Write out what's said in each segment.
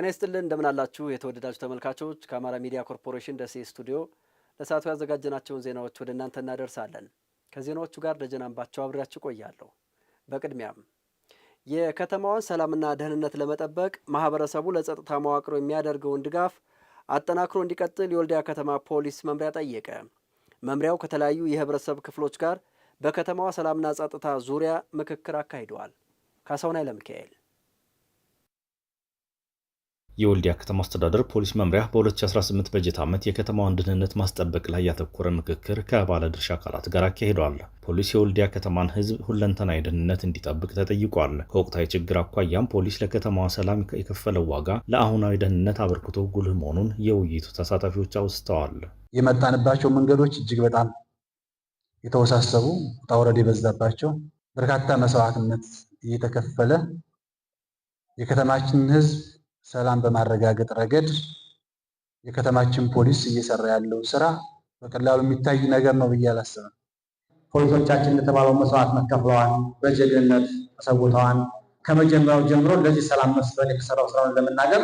ጤና ይስጥልን እንደምን አላችሁ የተወደዳችሁ ተመልካቾች። ከአማራ ሚዲያ ኮርፖሬሽን ደሴ ስቱዲዮ ለሰዓቱ ያዘጋጀናቸውን ዜናዎች ወደ እናንተ እናደርሳለን። ከዜናዎቹ ጋር ደጀናንባቸው አንባቸው አብሬያችሁ ቆያለሁ። በቅድሚያም የከተማዋን ሰላምና ደህንነት ለመጠበቅ ማህበረሰቡ ለጸጥታ መዋቅሮ የሚያደርገውን ድጋፍ አጠናክሮ እንዲቀጥል የወልዲያ ከተማ ፖሊስ መምሪያ ጠየቀ። መምሪያው ከተለያዩ የህብረተሰብ ክፍሎች ጋር በከተማዋ ሰላምና ጸጥታ ዙሪያ ምክክር አካሂደዋል። ካሳሁን ኃይለሚካኤል የወልዲያ ከተማ አስተዳደር ፖሊስ መምሪያ በ2018 በጀት ዓመት የከተማዋን ደህንነት ማስጠበቅ ላይ ያተኮረ ምክክር ከባለ ድርሻ አካላት ጋር አካሂዷል። ፖሊስ የወልዲያ ከተማን ህዝብ ሁለንተናዊ ደህንነት እንዲጠብቅ ተጠይቋል። ከወቅታዊ ችግር አኳያም ፖሊስ ለከተማዋ ሰላም የከፈለው ዋጋ ለአሁናዊ ደህንነት አበርክቶ ጉልህ መሆኑን የውይይቱ ተሳታፊዎች አውስተዋል። የመጣንባቸው መንገዶች እጅግ በጣም የተወሳሰቡ ውጣ ውረድ የበዛባቸው በርካታ መስዋዕትነት እየተከፈለ የከተማችን ህዝብ ሰላም በማረጋገጥ ረገድ የከተማችን ፖሊስ እየሰራ ያለው ስራ በቀላሉ የሚታይ ነገር ነው ብዬ አላስብም። ፖሊሶቻችን እንደተባለው መስዋዕት መከፍለዋል፣ በጀግንነት ተሰውተዋል። ከመጀመሪያው ጀምሮ ለዚህ ሰላም መስፈን የተሰራው ስራውን ለመናገር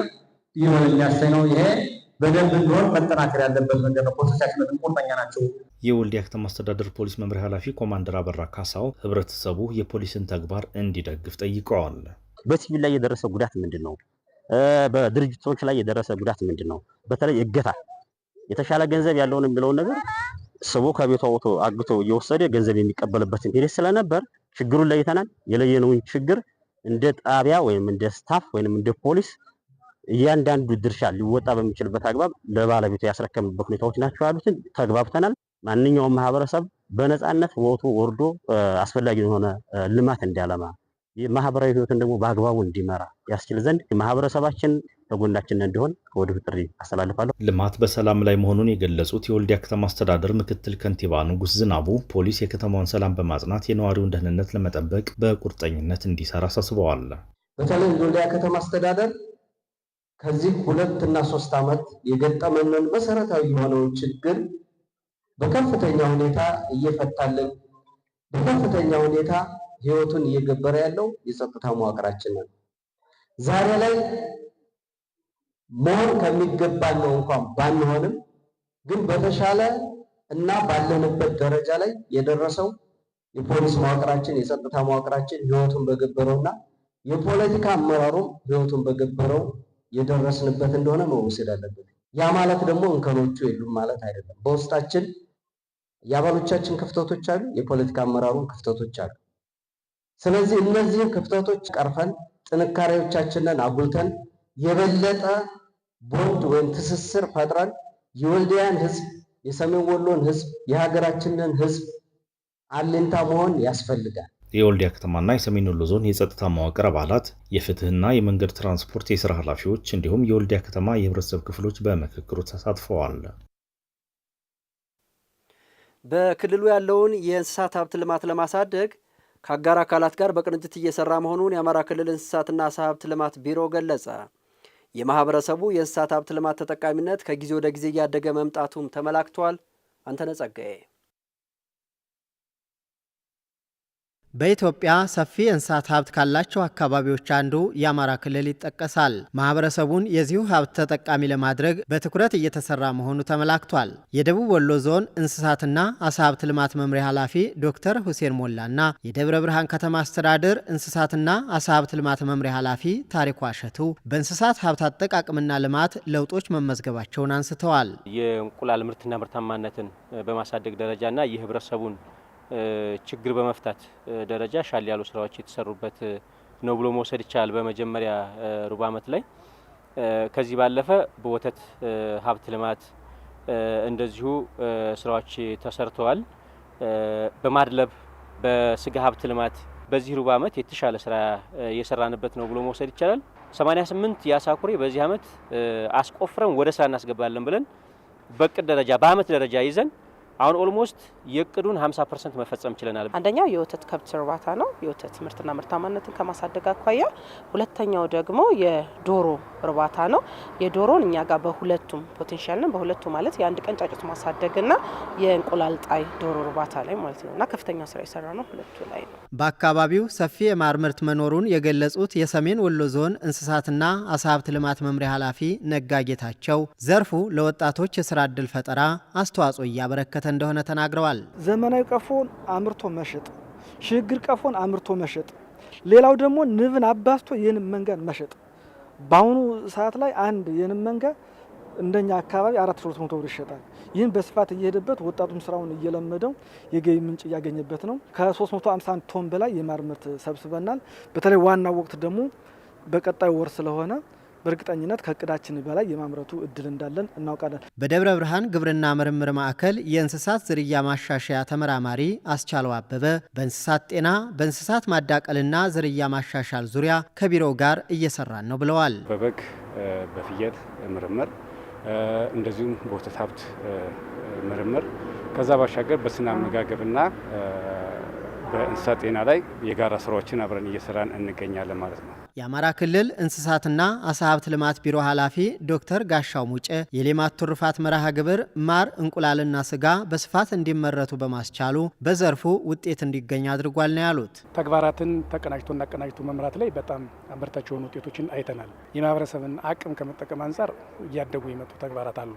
ይሆን የሚያሰኝ ነው። ይሄ በደንብ እንደሆን መጠናከር ያለበት ነገር ነው። ፖሊሶቻችን በጣም ቁርጠኛ ናቸው። የወልዲያ ከተማ አስተዳደር ፖሊስ መምሪያ ኃላፊ ኮማንደር አበራ ካሳው ህብረተሰቡ የፖሊስን ተግባር እንዲደግፍ ጠይቀዋል። በሲቪል ላይ የደረሰ ጉዳት ምንድን ነው? በድርጅቶች ላይ የደረሰ ጉዳት ምንድን ነው? በተለይ እገታ፣ የተሻለ ገንዘብ ያለውን የሚለውን ነገር ስቦ ከቤቷ ወቶ አግቶ እየወሰደ ገንዘብ የሚቀበልበትን ሂደት ስለነበር ችግሩን ለይተናል። የለየነውን ችግር እንደ ጣቢያ ወይም እንደ ስታፍ ወይም እንደ ፖሊስ እያንዳንዱ ድርሻ ሊወጣ በሚችልበት አግባብ ለባለቤቱ ያስረከምበት ሁኔታዎች ናቸው ያሉትን ተግባብተናል። ማንኛውም ማህበረሰብ በነፃነት ወቶ ወርዶ አስፈላጊ የሆነ ልማት እንዲያለማ የማህበራዊ ህይወትን ደግሞ በአግባቡ እንዲመራ ያስችል ዘንድ ማህበረሰባችን በጎናችን እንዲሆን ከወዲሁ ጥሪ አስተላልፋለሁ። ልማት በሰላም ላይ መሆኑን የገለጹት የወልዲያ ከተማ አስተዳደር ምክትል ከንቲባ ንጉስ ዝናቡ ፖሊስ የከተማውን ሰላም በማጽናት የነዋሪውን ደህንነት ለመጠበቅ በቁርጠኝነት እንዲሰራ አሳስበዋል። በተለይ የወልዲያ ከተማ አስተዳደር ከዚህ ሁለት እና ሶስት ዓመት የገጠመንን መሰረታዊ የሆነውን ችግር በከፍተኛ ሁኔታ እየፈታልን በከፍተኛ ሁኔታ ህይወቱን እየገበረ ያለው የጸጥታ መዋቅራችን ነው። ዛሬ ላይ መሆን ከሚገባን ነው እንኳን ባንሆንም ግን በተሻለ እና ባለንበት ደረጃ ላይ የደረሰው የፖሊስ መዋቅራችን የጸጥታ መዋቅራችን ህይወቱን በገበረውና የፖለቲካ አመራሩም ህይወቱን በገበረው የደረስንበት እንደሆነ መወሰድ አለበት። ያ ማለት ደግሞ እንከኖቹ የሉም ማለት አይደለም። በውስጣችን የአባሎቻችን ክፍተቶች አሉ፣ የፖለቲካ አመራሩን ክፍተቶች አሉ። ስለዚህ እነዚህን ክፍተቶች ቀርፈን ጥንካሬዎቻችንን አጉልተን የበለጠ ቦንድ ወይም ትስስር ፈጥረን የወልዲያን ህዝብ፣ የሰሜን ወሎን ህዝብ፣ የሀገራችንን ህዝብ አለኝታ መሆን ያስፈልጋል። የወልዲያ ከተማና የሰሜን ወሎ ዞን የጸጥታ መዋቅር አባላት፣ የፍትህና የመንገድ ትራንስፖርት የስራ ኃላፊዎች እንዲሁም የወልዲያ ከተማ የህብረተሰብ ክፍሎች በምክክሩ ተሳትፈዋል። በክልሉ ያለውን የእንስሳት ሀብት ልማት ለማሳደግ ከአጋር አካላት ጋር በቅንጅት እየሰራ መሆኑን የአማራ ክልል እንስሳትና ዓሳ ሀብት ልማት ቢሮ ገለጸ። የማህበረሰቡ የእንስሳት ሀብት ልማት ተጠቃሚነት ከጊዜ ወደ ጊዜ እያደገ መምጣቱም ተመላክቷል። አንተነህ በኢትዮጵያ ሰፊ የእንስሳት ሀብት ካላቸው አካባቢዎች አንዱ የአማራ ክልል ይጠቀሳል። ማህበረሰቡን የዚሁ ሀብት ተጠቃሚ ለማድረግ በትኩረት እየተሰራ መሆኑ ተመላክቷል። የደቡብ ወሎ ዞን እንስሳትና አሳ ሀብት ልማት መምሪያ ኃላፊ ዶክተር ሁሴን ሞላና የደብረ ብርሃን ከተማ አስተዳደር እንስሳትና አሳ ሀብት ልማት መምሪያ ኃላፊ ታሪኩ አሸቱ በእንስሳት ሀብት አጠቃቅምና ልማት ለውጦች መመዝገባቸውን አንስተዋል። የእንቁላል ምርትና ምርታማነትን በማሳደግ ደረጃና የህብረተሰቡን ችግር በመፍታት ደረጃ ሻል ያሉ ስራዎች የተሰሩበት ነው ብሎ መውሰድ ይቻላል በመጀመሪያ ሩብ ዓመት ላይ። ከዚህ ባለፈ በወተት ሀብት ልማት እንደዚሁ ስራዎች ተሰርተዋል። በማድለብ በስጋ ሀብት ልማት በዚህ ሩብ ዓመት የተሻለ ስራ የሰራንበት ነው ብሎ መውሰድ ይቻላል። 88 የአሳ ኩሬ በዚህ ዓመት አስቆፍረን ወደ ስራ እናስገባለን ብለን በቅድ ደረጃ በአመት ደረጃ ይዘን አሁን ኦልሞስት የእቅዱን 50 ፐርሰንት መፈጸም ችለናል። አንደኛው የወተት ከብት እርባታ ነው፣ የወተት ምርትና ምርታማነትን ከማሳደግ አኳያ። ሁለተኛው ደግሞ የዶሮ እርባታ ነው። የዶሮን እኛ ጋር በሁለቱም ፖቴንሻልን በሁለቱ ማለት የአንድ ቀን ጫጩት ማሳደግና የእንቁላል ጣይ ዶሮ እርባታ ላይ ማለት ነው እና ከፍተኛ ስራ የሰራ ነው ሁለቱ ላይ ነው። በአካባቢው ሰፊ የማር ምርት መኖሩን የገለጹት የሰሜን ወሎ ዞን እንስሳትና አሳ ሀብት ልማት መምሪያ ኃላፊ ነጋጌታቸው ዘርፉ ለወጣቶች የስራ ዕድል ፈጠራ አስተዋጽኦ እያበረከተ እየተበራከተ እንደሆነ ተናግረዋል። ዘመናዊ ቀፎን አምርቶ መሸጥ፣ ሽግግር ቀፎን አምርቶ መሸጥ፣ ሌላው ደግሞ ንብን አባዝቶ የንብ መንጋን መሸጥ። በአሁኑ ሰዓት ላይ አንድ የንብ መንጋ እንደኛ አካባቢ አራት ሺህ መቶ ብር ይሸጣል። ይህን በስፋት እየሄደበት ወጣቱም ስራውን እየለመደው የገቢ ምንጭ እያገኘበት ነው። ከ351 ቶን በላይ የማር ምርት ሰብስበናል። በተለይ ዋናው ወቅት ደግሞ በቀጣዩ ወር ስለሆነ በእርግጠኝነት ከእቅዳችን በላይ የማምረቱ እድል እንዳለን እናውቃለን። በደብረ ብርሃን ግብርና ምርምር ማዕከል የእንስሳት ዝርያ ማሻሻያ ተመራማሪ አስቻለው አበበ በእንስሳት ጤና፣ በእንስሳት ማዳቀልና ዝርያ ማሻሻል ዙሪያ ከቢሮው ጋር እየሰራን ነው ብለዋል። በበግ በፍየል ምርምር እንደዚሁም በወተት ሀብት ምርምር ከዛ ባሻገር በስነ አመጋገብና በእንስሳት ጤና ላይ የጋራ ስራዎችን አብረን እየሰራን እንገኛለን ማለት ነው። የአማራ ክልል እንስሳትና አሳ ሀብት ልማት ቢሮ ኃላፊ ዶክተር ጋሻው ሙጬ የሌማት ትሩፋት መርሃ ግብር ማር፣ እንቁላልና ስጋ በስፋት እንዲመረቱ በማስቻሉ በዘርፉ ውጤት እንዲገኝ አድርጓል ነው ያሉት። ተግባራትን ተቀናጅቶና አቀናጅቶ መምራት ላይ በጣም አበርታች የሆኑ ውጤቶችን አይተናል። የማህበረሰብን አቅም ከመጠቀም አንጻር እያደጉ የመጡ ተግባራት አሉ።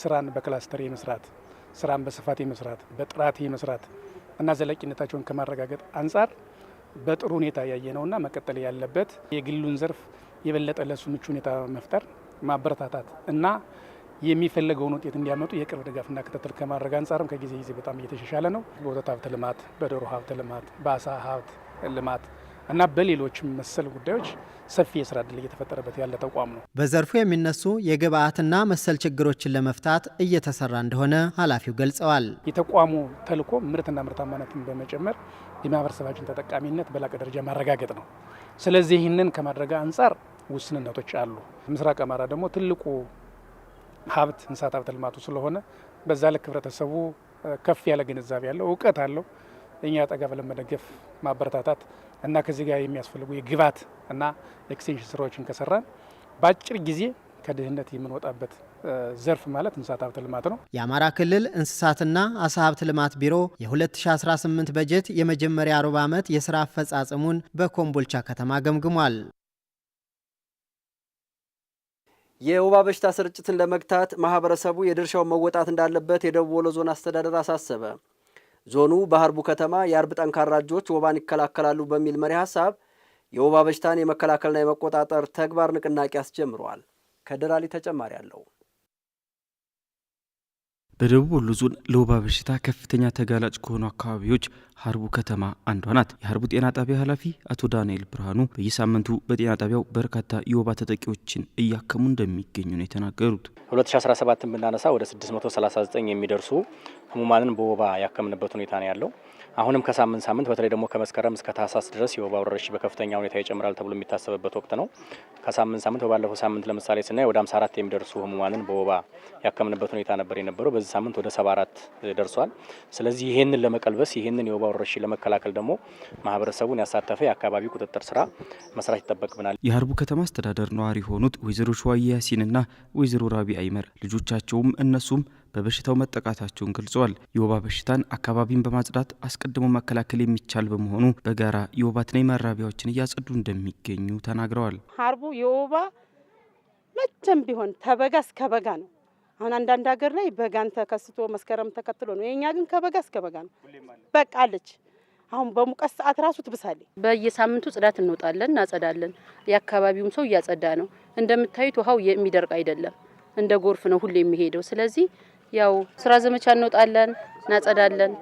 ስራን በክላስተር የመስራት ስራን በስፋት የመስራት በጥራት የመስራት እና ዘላቂነታቸውን ከማረጋገጥ አንጻር በጥሩ ሁኔታ ያየ ነውና መቀጠል ያለበት የግሉን ዘርፍ የበለጠ ለሱ ምቹ ሁኔታ መፍጠር ማበረታታት እና የሚፈለገውን ውጤት እንዲያመጡ የቅርብ ድጋፍና ክትትል ከማድረግ አንጻርም ከጊዜ ጊዜ በጣም እየተሻሻለ ነው። በወተት ሀብት ልማት፣ በዶሮ ሀብት ልማት፣ በአሳ ሀብት ልማት እና በሌሎችም መሰል ጉዳዮች ሰፊ የስራ እድል እየተፈጠረበት ያለ ተቋም ነው። በዘርፉ የሚነሱ የግብአትና መሰል ችግሮችን ለመፍታት እየተሰራ እንደሆነ ኃላፊው ገልጸዋል። የተቋሙ ተልዕኮ ምርትና ምርታማነትን በመጨመር የማህበረሰባችን ተጠቃሚነት በላቀ ደረጃ ማረጋገጥ ነው። ስለዚህ ይህንን ከማድረግ አንጻር ውስንነቶች አሉ። ምስራቅ አማራ ደግሞ ትልቁ ሀብት እንስሳት ሀብት ልማቱ ስለሆነ በዛ ልክ ህብረተሰቡ ከፍ ያለ ግንዛቤ ያለው እውቀት አለው። እኛ ጠጋ ብለን መደገፍ ማበረታታት እና ከዚህ ጋር የሚያስፈልጉ የግብዓት እና ኤክስቴንሽን ስራዎችን ከሰራን በአጭር ጊዜ ከድህነት የምንወጣበት ዘርፍ ማለት እንስሳት ሀብት ልማት ነው። የአማራ ክልል እንስሳትና አሳ ሀብት ልማት ቢሮ የ2018 በጀት የመጀመሪያ ሩብ ዓመት የስራ አፈጻጸሙን በኮምቦልቻ ከተማ ገምግሟል። የወባ በሽታ ስርጭትን ለመግታት ማህበረሰቡ የድርሻውን መወጣት እንዳለበት የደቡብ ወሎ ዞን አስተዳደር አሳሰበ። ዞኑ በሀርቡ ከተማ የአርብ ጠንካራ እጆች ወባን ይከላከላሉ በሚል መሪ ሀሳብ የወባ በሽታን የመከላከልና የመቆጣጠር ተግባር ንቅናቄ አስጀምረዋል። ከደራሊ ተጨማሪ አለው። በደቡብ ወሎ ዞን ለወባ በሽታ ከፍተኛ ተጋላጭ ከሆኑ አካባቢዎች ሀርቡ ከተማ አንዷ ናት። የሀርቡ ጤና ጣቢያ ኃላፊ አቶ ዳንኤል ብርሃኑ በየሳምንቱ በጤና ጣቢያው በርካታ የወባ ተጠቂዎችን እያከሙ እንደሚገኙ ነው የተናገሩት። 2017ን ብናነሳ ወደ 639 የሚደርሱ ህሙማንን በወባ ያከምንበት ሁኔታ ነው ያለው። አሁንም ከሳምንት ሳምንት በተለይ ደግሞ ከመስከረም እስከ ታህሳስ ድረስ የወባ ወረርሽ በከፍተኛ ሁኔታ ይጨምራል ተብሎ የሚታሰብበት ወቅት ነው። ከሳምንት ሳምንት በባለፈው ሳምንት ለምሳሌ ስናይ ወደ 54 የሚደርሱ ህሙማንን በወባ ያከምንበት ሁኔታ ነበር የነበረው። በዚህ ሳምንት ወደ 74 ደርሷል። ስለዚህ ይህንን ለመቀልበስ ይህንን የወባ ወረርሽኝ ለመከላከል ደግሞ ማህበረሰቡን ያሳተፈ የአካባቢ ቁጥጥር ስራ መስራት ይጠበቅብናል። የሀርቡ ከተማ አስተዳደር ነዋሪ የሆኑት ወይዘሮ ሸዋዬ ያሲንና ወይዘሮ ራቢ አይመር ልጆቻቸውም እነሱም በበሽታው መጠቃታቸውን ገልጸዋል። የወባ በሽታን አካባቢን በማጽዳት አስቀድሞ መከላከል የሚቻል በመሆኑ በጋራ የወባ ትንኝ መራቢያዎችን እያጸዱ እንደሚገኙ ተናግረዋል። ሀርቡ የወባ መቼም ቢሆን ተበጋ እስከ በጋ ነው አሁን አንዳንድ ሀገር ላይ በጋን ተከስቶ መስከረም ተከትሎ ነው። የኛ ግን ከበጋ እስከ በጋ ነው። በቃ አለች። አሁን በሙቀት ሰዓት ራሱ ትብሳለች። በየሳምንቱ ጽዳት እንወጣለን፣ እናጸዳለን። የአካባቢውም ሰው እያጸዳ ነው። እንደምታዩት ውሃው የሚደርቅ አይደለም፣ እንደ ጎርፍ ነው ሁሌ የሚሄደው። ስለዚህ ያው ስራ ዘመቻ እንወጣለን፣ እናጸዳለን።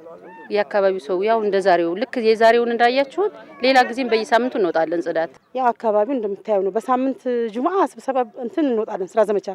የአካባቢው ሰው ያው እንደ ዛሬው ልክ የዛሬውን እንዳያችሁት፣ ሌላ ጊዜም በየሳምንቱ እንወጣለን ጽዳት። ያው አካባቢው እንደምታየው ነው። በሳምንት ጁምአ ስብሰባ እንትን እንወጣለን ስራ ዘመቻ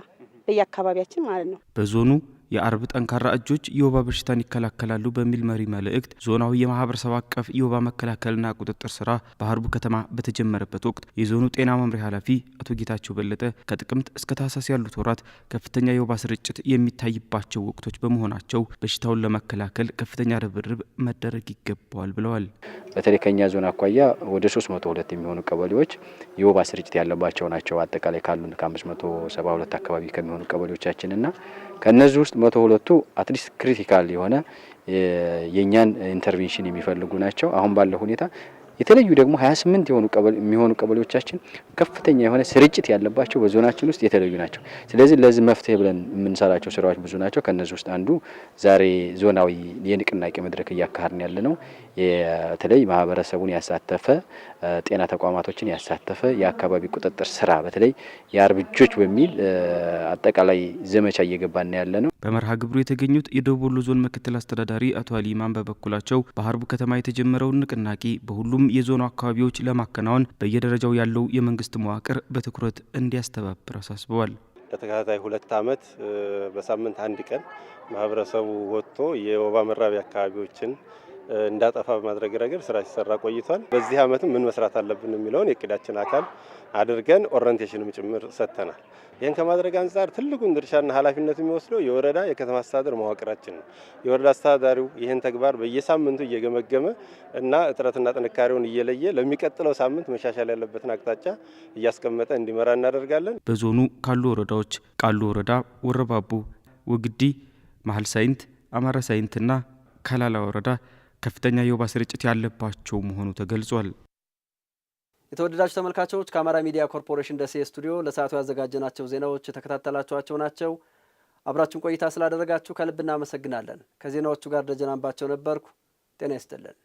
በየአካባቢያችን ማለት ነው። በዞኑ የአርብ ጠንካራ እጆች የወባ በሽታን ይከላከላሉ በሚል መሪ መልእክት ዞናዊ የማህበረሰብ አቀፍ የወባ መከላከልና ቁጥጥር ስራ በሀርቡ ከተማ በተጀመረበት ወቅት የዞኑ ጤና መምሪያ ኃላፊ አቶ ጌታቸው በለጠ ከጥቅምት እስከ ታህሳስ ያሉት ወራት ከፍተኛ የወባ ስርጭት የሚታይባቸው ወቅቶች በመሆናቸው በሽታውን ለመከላከል ከፍተኛ ርብርብ መደረግ ይገባዋል ብለዋል። በተለይ ከኛ ዞን አኳያ ወደ 302 የሚሆኑ ቀበሌዎች የወባ ስርጭት ያለባቸው ናቸው። አጠቃላይ ካሉን ከ572 አካባቢ ከሚሆኑ ቀበሌዎቻችንና ከነዚህ ውስጥ መቶ ሁለቱ አትሊስት ክሪቲካል የሆነ የእኛን ኢንተርቬንሽን የሚፈልጉ ናቸው። አሁን ባለው ሁኔታ የተለዩ ደግሞ 28 የሆኑ ቀበሌ የሚሆኑ ቀበሌዎቻችን ከፍተኛ የሆነ ስርጭት ያለባቸው በዞናችን ውስጥ የተለዩ ናቸው። ስለዚህ ለዚህ መፍትሄ ብለን የምንሰራቸው ስራዎች ብዙ ናቸው። ከነዚህ ውስጥ አንዱ ዛሬ ዞናዊ የንቅናቄ መድረክ እያካሄድን ያለ ነው። የተለይ ማህበረሰቡን ያሳተፈ ጤና ተቋማቶችን ያሳተፈ የአካባቢ ቁጥጥር ስራ በተለይ የአርብጆች በሚል አጠቃላይ ዘመቻ እየገባን ያለ ነው። በመርሃ ግብሩ የተገኙት የደቡብ ወሎ ዞን ምክትል አስተዳዳሪ አቶ አሊማን በበኩላቸው በሀርቡ ከተማ የተጀመረውን ንቅናቄ በሁሉም የዞኑ አካባቢዎች ለማከናወን በየደረጃው ያለው የመንግስት መዋቅር በትኩረት እንዲያስተባብር አሳስበዋል። ለተከታታይ ሁለት ዓመት በሳምንት አንድ ቀን ማህበረሰቡ ወጥቶ የወባ መራቢያ አካባቢዎችን እንዳጠፋ በማድረግ ረገድ ስራ ሲሰራ ቆይቷል። በዚህ አመትም ምን መስራት አለብን የሚለውን የእቅዳችን አካል አድርገን ኦሪንቴሽንም ጭምር ሰጥተናል። ይህን ከማድረግ አንጻር ትልቁን ድርሻና ኃላፊነት የሚወስደው የወረዳ የከተማ አስተዳደር መዋቅራችን ነው። የወረዳ አስተዳዳሪው ይህን ተግባር በየሳምንቱ እየገመገመ እና እጥረትና ጥንካሬውን እየለየ ለሚቀጥለው ሳምንት መሻሻል ያለበትን አቅጣጫ እያስቀመጠ እንዲመራ እናደርጋለን። በዞኑ ካሉ ወረዳዎች ቃሉ ወረዳ፣ ወረባቡ፣ ውግዲ፣ መሀል ሳይንት፣ አማራ ሳይንትና ከላላ ወረዳ ከፍተኛ የወባ ስርጭት ያለባቸው መሆኑ ተገልጿል። የተወደዳችሁ ተመልካቾች ከአማራ ሚዲያ ኮርፖሬሽን ደሴ ስቱዲዮ ለሰዓቱ ያዘጋጀናቸው ዜናዎች የተከታተላችኋቸው ናቸው። አብራችሁን ቆይታ ስላደረጋችሁ ከልብ እናመሰግናለን። ከዜናዎቹ ጋር ደጀን ነበርኩ። ጤና ይስጥልን።